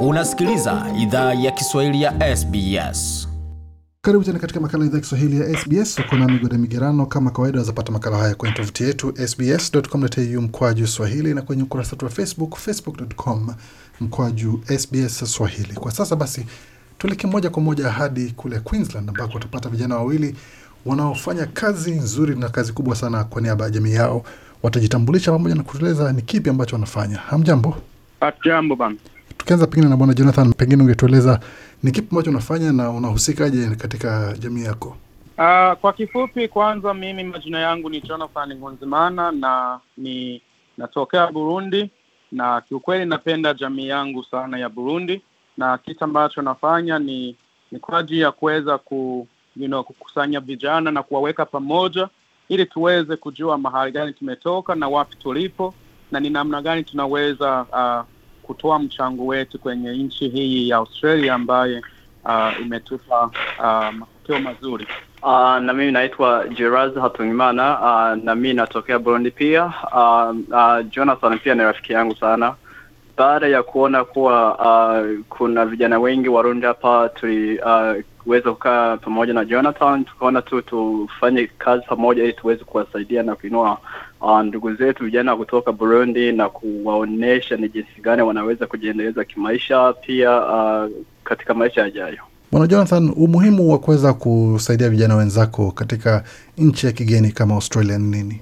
Unasikiliza idhaa ya Kiswahili ya SBS. Karibu tena katika makala idhaa ya Kiswahili ya SBS. Uko na Migode Migerano. Kama kawaida, wazapata makala haya kwenye tovuti yetu sbs.com.au mkwaju swahili na kwenye ukurasa wetu wa Facebook, facebook.com mkwaju SBS swahili. Kwa sasa basi, tuelekee moja kwa moja hadi kule Queensland ambako watapata vijana wawili wanaofanya kazi nzuri na kazi kubwa sana kwa niaba ya jamii yao. Watajitambulisha pamoja na kutueleza ni kipi ambacho wanafanya. Hamjambo? bana tukianza pengine na bwana Jonathan, pengine ungetueleza ni kipi ambacho unafanya na unahusikaje katika jamii yako? Uh, kwa kifupi, kwanza mimi majina yangu ni Jonathan Ngonzimana na ni natokea Burundi, na kiukweli napenda jamii yangu sana ya Burundi, na kitu ambacho nafanya ni ni kwa ajili ya kuweza ku, you know, kukusanya vijana na kuwaweka pamoja ili tuweze kujua mahali gani tumetoka na wapi tulipo na ni namna gani tunaweza uh, kutoa mchango wetu kwenye nchi hii ya Australia ambaye uh, imetupa uh, matokeo mazuri. Uh, na mimi naitwa Geraz Hatungimana uh, na mimi natokea Burundi pia. Uh, uh, Jonathan pia ni rafiki yangu sana. Baada ya kuona kuwa uh, kuna vijana wengi Warundi hapa, tuliweza uh, kukaa pamoja na Jonathan, tukaona tu tufanye kazi pamoja ili tuweze kuwasaidia na kuinua Ah, ndugu zetu vijana kutoka Burundi na kuwaonesha ni jinsi gani wanaweza kujiendeleza kimaisha pia uh, katika maisha yajayo. Bwana Jonathan, umuhimu wa kuweza kusaidia vijana wenzako katika nchi ya kigeni kama Australia ni nini?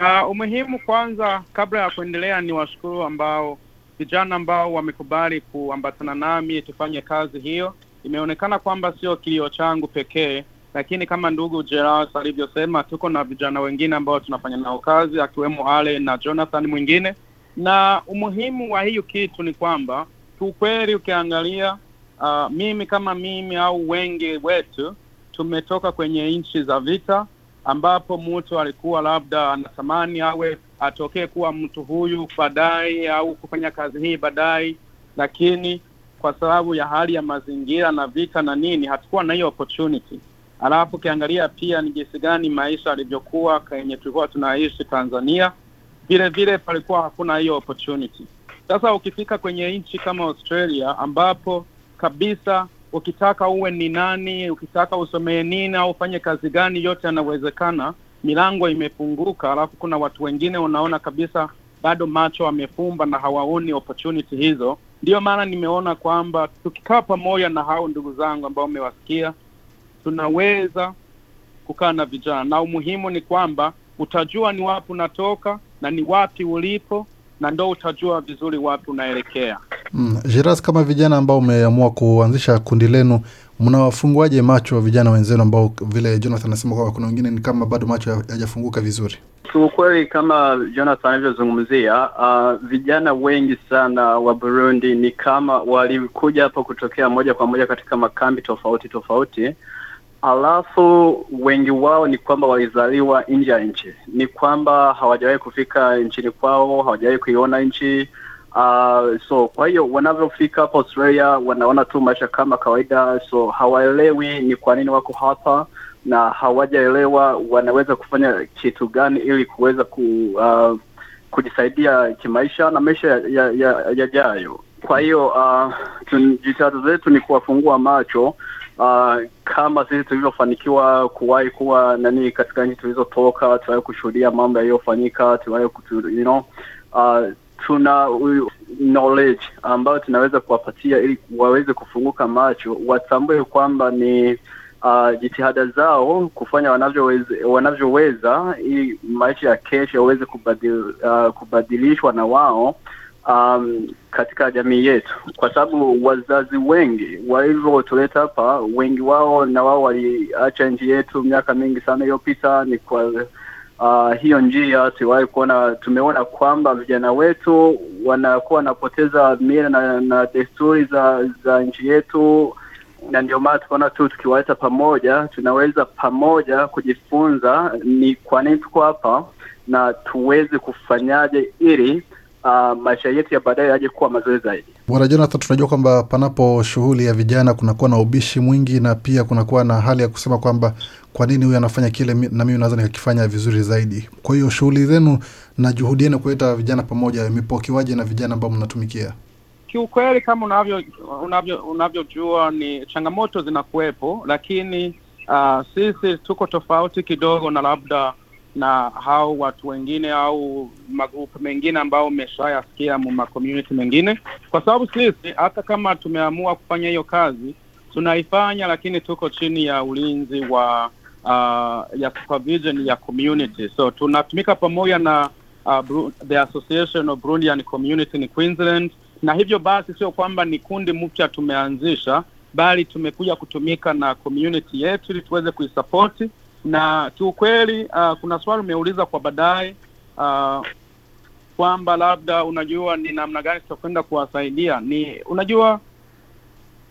Uh, umuhimu kwanza, kabla ya kuendelea, ni washukuru ambao vijana ambao wamekubali kuambatana nami tufanye kazi hiyo. Imeonekana kwamba sio kilio changu pekee lakini kama ndugu Gerard alivyosema, tuko na vijana wengine ambao tunafanya nao kazi akiwemo Ale na Jonathan mwingine, na umuhimu wa hiyo kitu ni kwamba kiukweli ukiangalia, uh, mimi kama mimi au wengi wetu tumetoka kwenye nchi za vita, ambapo mtu alikuwa labda anatamani awe atokee kuwa mtu huyu baadaye au kufanya kazi hii baadaye, lakini kwa sababu ya hali ya mazingira na vita na nini, hatukuwa na hiyo opportunity. Alafu ukiangalia pia ni jinsi gani maisha alivyokuwa kwenye tulikuwa tunaishi Tanzania, vile vile palikuwa hakuna hiyo opportunity. Sasa ukifika kwenye nchi kama Australia ambapo kabisa ukitaka uwe ni nani, ukitaka usomee nini au ufanye kazi gani, yote yanawezekana. Milango imefunguka, alafu kuna watu wengine unaona kabisa bado macho wamefumba na hawaoni opportunity hizo. Ndiyo maana nimeona kwamba tukikaa pamoja na hao ndugu zangu ambao umewasikia tunaweza kukaa na vijana, na umuhimu ni kwamba utajua ni wapi unatoka na ni wapi ulipo, na ndo utajua vizuri wapi unaelekea. Mm, jiras kama vijana ambao umeamua kuanzisha kundi lenu, mnawafunguaje macho vijana wenzenu ambao vile Jonathan anasema kwamba kuna wengine ni kama bado macho hayajafunguka vizuri? Kiukweli, kama Jonathan alivyozungumzia, uh, vijana wengi sana wa Burundi ni kama walikuja hapo kutokea moja kwa moja katika makambi tofauti tofauti alafu wengi wao ni kwamba walizaliwa nje ya nchi, ni kwamba hawajawahi kufika nchini kwao, hawajawahi kuiona nchi uh, so kwa hiyo wanavyofika hapa Australia wanaona tu maisha kama kawaida, so hawaelewi ni kwa nini wako hapa na hawajaelewa wanaweza kufanya kitu gani ili kuweza ku, uh, kujisaidia kimaisha na maisha yajayo ya, ya, ya, ya. Kwa hiyo uh, jitihada zetu ni kuwafungua macho Uh, kama sisi tulivyofanikiwa kuwahi kuwa nani katika nchi tulizotoka, tuliwahi kushuhudia mambo yaliyofanyika, tuliwahi you know, uh, tuna knowledge ambayo tunaweza kuwapatia ili waweze kufunguka macho, watambue kwamba ni uh, jitihada zao kufanya wanavyoweza, wanavyoweza ili maisha ya kesho yaweze kubadil, uh, kubadilishwa na wao um, katika jamii yetu, kwa sababu wazazi wengi walivyotuleta hapa, wengi wao na wao waliacha nchi yetu miaka mingi sana iliyopita. Ni kwa uh, hiyo njia tuliwahi kuona, tumeona kwamba vijana wetu wanakuwa wanapoteza mila na, na desturi za za nchi yetu, na ndio maana tukaona tu tukiwaleta pamoja, tunaweza pamoja kujifunza ni kwa nini tuko hapa na tuweze kufanyaje ili uh, maisha yetu ya baadaye yaje kuwa mazuri zaidi. Bwana Jonathan, tunajua kwamba panapo shughuli ya vijana kunakuwa na ubishi mwingi na pia kunakuwa na hali ya kusema kwamba kwa nini huyu anafanya kile na mimi naweza nikakifanya vizuri zaidi. Kwa hiyo shughuli zenu na juhudi yenu kuleta vijana pamoja imepokewaje na vijana ambao mnatumikia? Kiukweli, kama unavyo unavyojua unavyo ni changamoto zinakuwepo, lakini uh, sisi tuko tofauti kidogo na labda na hao watu wengine au magrupu mengine ambao umeshayasikia mu community mengine, kwa sababu sisi hata kama tumeamua kufanya hiyo kazi tunaifanya, lakini tuko chini ya ulinzi wa uh, ya supervision ya community, so tunatumika pamoja na uh, the Association of Community in Queensland, na hivyo basi sio kwamba ni kundi mpya tumeanzisha, bali tumekuja kutumika na community yetu ili tuweze kuisapoti na kiukweli, uh, kuna swali umeuliza kwa baadaye uh, kwamba labda unajua ni namna gani tutakwenda kuwasaidia. Ni unajua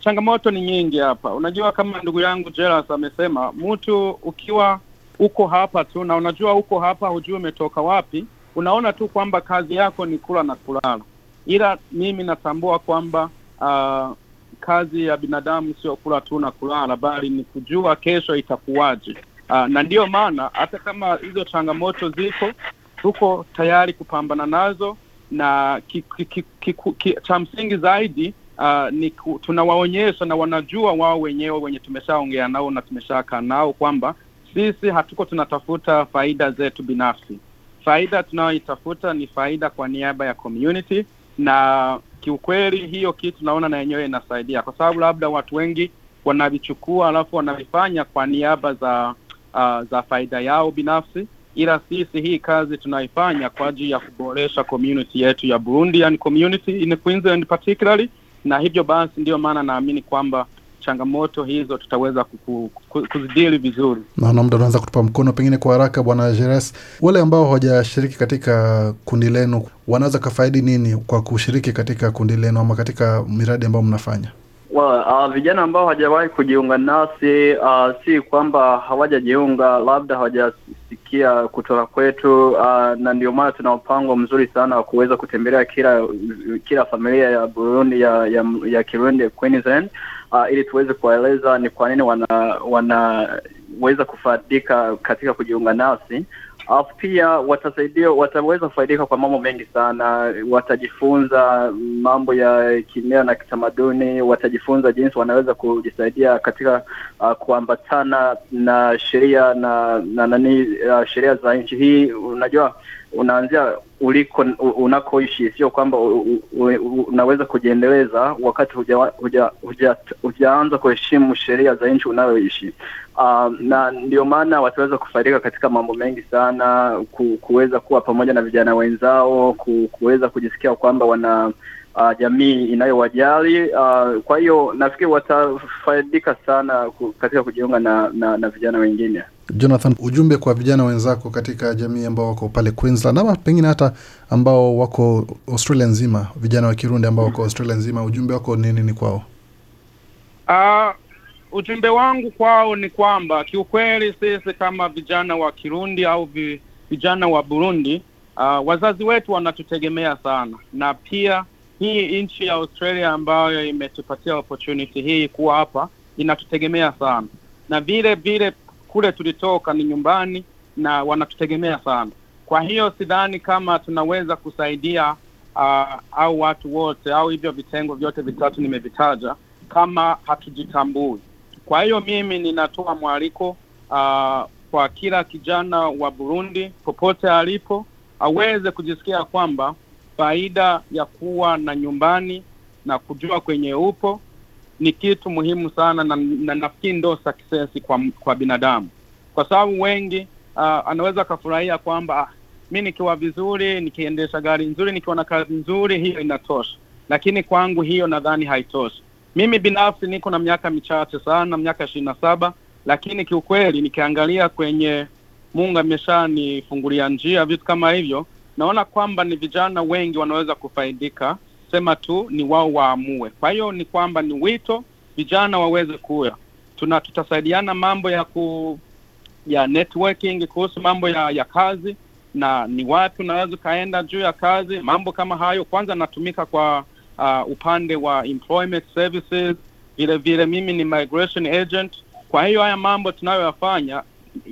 changamoto ni nyingi hapa. Unajua kama ndugu yangu jeras amesema, mtu ukiwa uko hapa tu na unajua uko hapa, hujui umetoka wapi, unaona tu kwamba kazi yako ni kula na kulala, ila mimi natambua kwamba uh, kazi ya binadamu sio kula tu na kulala, bali ni kujua kesho itakuwaje. Uh, na ndiyo maana hata kama hizo changamoto ziko, tuko tayari kupambana nazo na ki, ki, ki, ki, ki, cha msingi zaidi uh, ni tunawaonyesha na wanajua wao wenyewe wenye tumeshaongea nao na tumeshakaa nao kwamba sisi hatuko tunatafuta faida zetu binafsi. Faida tunayoitafuta ni faida kwa niaba ya community, na kiukweli hiyo kitu naona na yenyewe inasaidia, kwa sababu labda watu wengi wanavichukua alafu wanavifanya kwa niaba za uh, za faida yao binafsi, ila sisi hii kazi tunaifanya kwa ajili ya kuboresha community yetu ya Burundi, community in Queensland particularly, na hivyo basi ndiyo maana naamini kwamba changamoto hizo tutaweza kuzidili vizuri. Naona muda unaanza kutupa mkono, pengine kwa haraka, Bwana Jeres, wale ambao hawajashiriki katika kundi lenu wanaweza kafaidi nini kwa kushiriki katika kundi lenu ama katika miradi ambayo mnafanya? Well, uh, ah, vijana ambao hawajawahi kujiunga nasi uh, si kwamba hawajajiunga, labda hawajasikia kutoka kwetu uh, na ndio maana tuna mpango mzuri sana wa kuweza kutembelea kila kila familia ya Burundi ya ya, ya Kirundi Queensland uh, ili tuweze kuwaeleza ni kwa nini wana wanaweza kufaidika katika kujiunga nasi alafu pia watasaidia, wataweza kufaidika kwa mambo mengi sana. Watajifunza mambo ya kimea na kitamaduni, watajifunza jinsi wanaweza kujisaidia katika uh, kuambatana na sheria na na nani uh, sheria za nchi hii. Unajua unaanzia uliko unakoishi, sio kwamba unaweza kujiendeleza wakati hujaanza huja, huja, huja kuheshimu sheria za nchi unayoishi. Uh, na ndio maana wataweza kufaidika katika mambo mengi sana ku, kuweza kuwa pamoja na vijana wenzao ku, kuweza kujisikia kwamba wana uh, jamii inayowajali uh, kwa hiyo nafikiri watafaidika sana katika kujiunga na, na, na vijana wengine. Jonathan, ujumbe kwa vijana wenzako katika jamii ambao wako pale Queensland ama pengine hata ambao wako Australia nzima, vijana wa Kirundi ambao wako Australia nzima, ujumbe wako ni nini kwao? Uh, ujumbe wangu kwao ni kwamba kiukweli sisi kama vijana wa Kirundi au vijana wa Burundi uh, wazazi wetu wanatutegemea sana na pia hii nchi ya Australia ambayo imetupatia opportunity hii kuwa hapa inatutegemea sana, na vile vile kule tulitoka ni nyumbani na wanatutegemea sana. Kwa hiyo sidhani kama tunaweza kusaidia uh, au watu wote au hivyo vitengo vyote vitatu nimevitaja kama hatujitambui. Kwa hiyo mimi ninatoa mwaliko uh, kwa kila kijana wa Burundi popote alipo aweze kujisikia kwamba faida ya kuwa na nyumbani na kujua kwenye upo ni kitu muhimu sana na, na nafikiri ndo success kwa, kwa binadamu kwa sababu wengi uh, anaweza akafurahia kwamba ah, mi nikiwa vizuri nikiendesha gari nzuri nikiwa na kazi nzuri hiyo inatosha lakini kwangu hiyo nadhani haitoshi mimi binafsi niko na miaka michache sana miaka ishirini na saba lakini kiukweli nikiangalia kwenye mungu ameshanifungulia njia vitu kama hivyo naona kwamba ni vijana wengi wanaweza kufaidika, sema tu ni wao waamue. Kwa hiyo ni kwamba ni wito vijana waweze kuya tuna tutasaidiana mambo ya ku ya networking kuhusu mambo ya, ya kazi na ni wapi unaweza ukaenda juu ya kazi, mambo kama hayo. Kwanza natumika kwa uh, upande wa employment services, vile vile mimi ni migration agent. Kwa hiyo haya mambo tunayoyafanya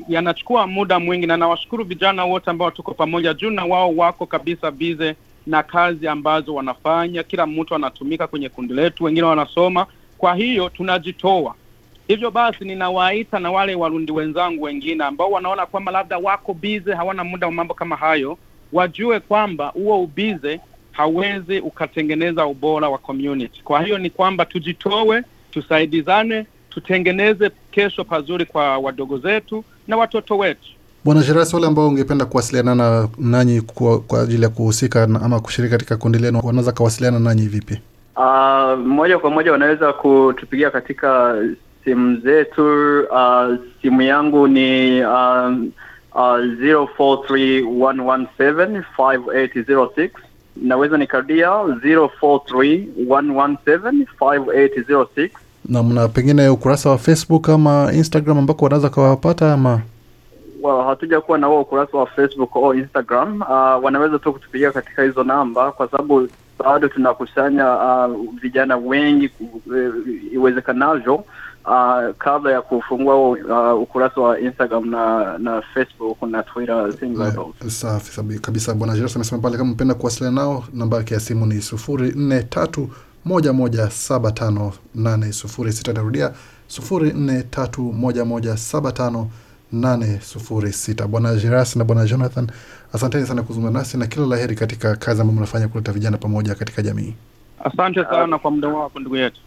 yanachukua muda mwingi, na nawashukuru vijana wote ambao tuko pamoja juu na wao wako kabisa bize na kazi ambazo wanafanya. Kila mtu anatumika kwenye kundi letu, wengine wanasoma, kwa hiyo tunajitoa. Hivyo basi, ninawaita na wale Warundi wenzangu wengine ambao wanaona kwamba labda wako bize, hawana muda wa mambo kama hayo, wajue kwamba huo ubize hawezi ukatengeneza ubora wa community. Kwa hiyo ni kwamba tujitoe, tusaidizane tutengeneze kesho pazuri kwa wadogo zetu na watoto wetu. Bwana Shirasi, wale ambao ungependa kuwasiliana nanyi kwa, kwa ajili ya kuhusika ama kushiriki katika kundi lenu wanaweza kawasiliana nanyi vipi? Uh, moja kwa moja wanaweza kutupigia katika simu zetu. Uh, simu yangu ni uh, uh, 0431175806 naweza nikarudia 0431175806 namna pengine ukurasa wa Facebook ama Instagram ambako wanaweza kawapata ama Well, hatuja kuwa na huo ukurasa wa Facebook au Instagram. Uh, wanaweza tu kutupigia katika hizo namba, kwa sababu bado tunakusanya ah, vijana uh, wengi eh, iwezekanavyo uh, kabla ya kufungua uh, ukurasa wa Instagram na na Facebook na Twitter. Eh, safi kabisa. Bwana Jeros amesema pale, kama mpenda kuwasiliana nao, namba yake ya simu ni sufuri nne tatu 1175880. Narudia 0431175806. Bwana Jeras na Bwana Jonathan, asanteni sana kuzungumza nasi na kila laheri katika kazi ambayo mnafanya kuleta vijana pamoja katika jamii. Asante sana kwa muda wako ndugu yetu,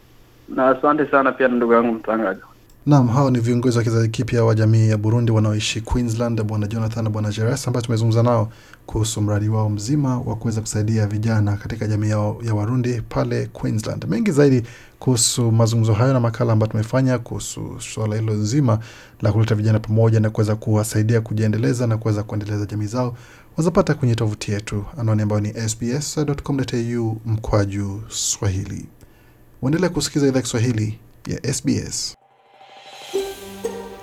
na asante sana pia na ndugu yangu mtangaji. Naam, hao ni viongozi wa kizazi kipya wa jamii ya Burundi wanaoishi Queensland, Bwana Jonathan na Bwana Geras, ambayo tumezungumza nao kuhusu mradi wao mzima wa kuweza kusaidia vijana katika jamii yao ya Warundi pale Queensland. Mengi zaidi kuhusu mazungumzo hayo na makala ambayo tumefanya kuhusu suala hilo nzima la kuleta vijana pamoja na kuweza kuwasaidia kujiendeleza na kuweza kuendeleza jamii zao, wazapata kwenye tovuti yetu, anwani ambayo ni sbs.com.au mkwaju Swahili. Waendelea kusikiliza idhaa Kiswahili ya SBS.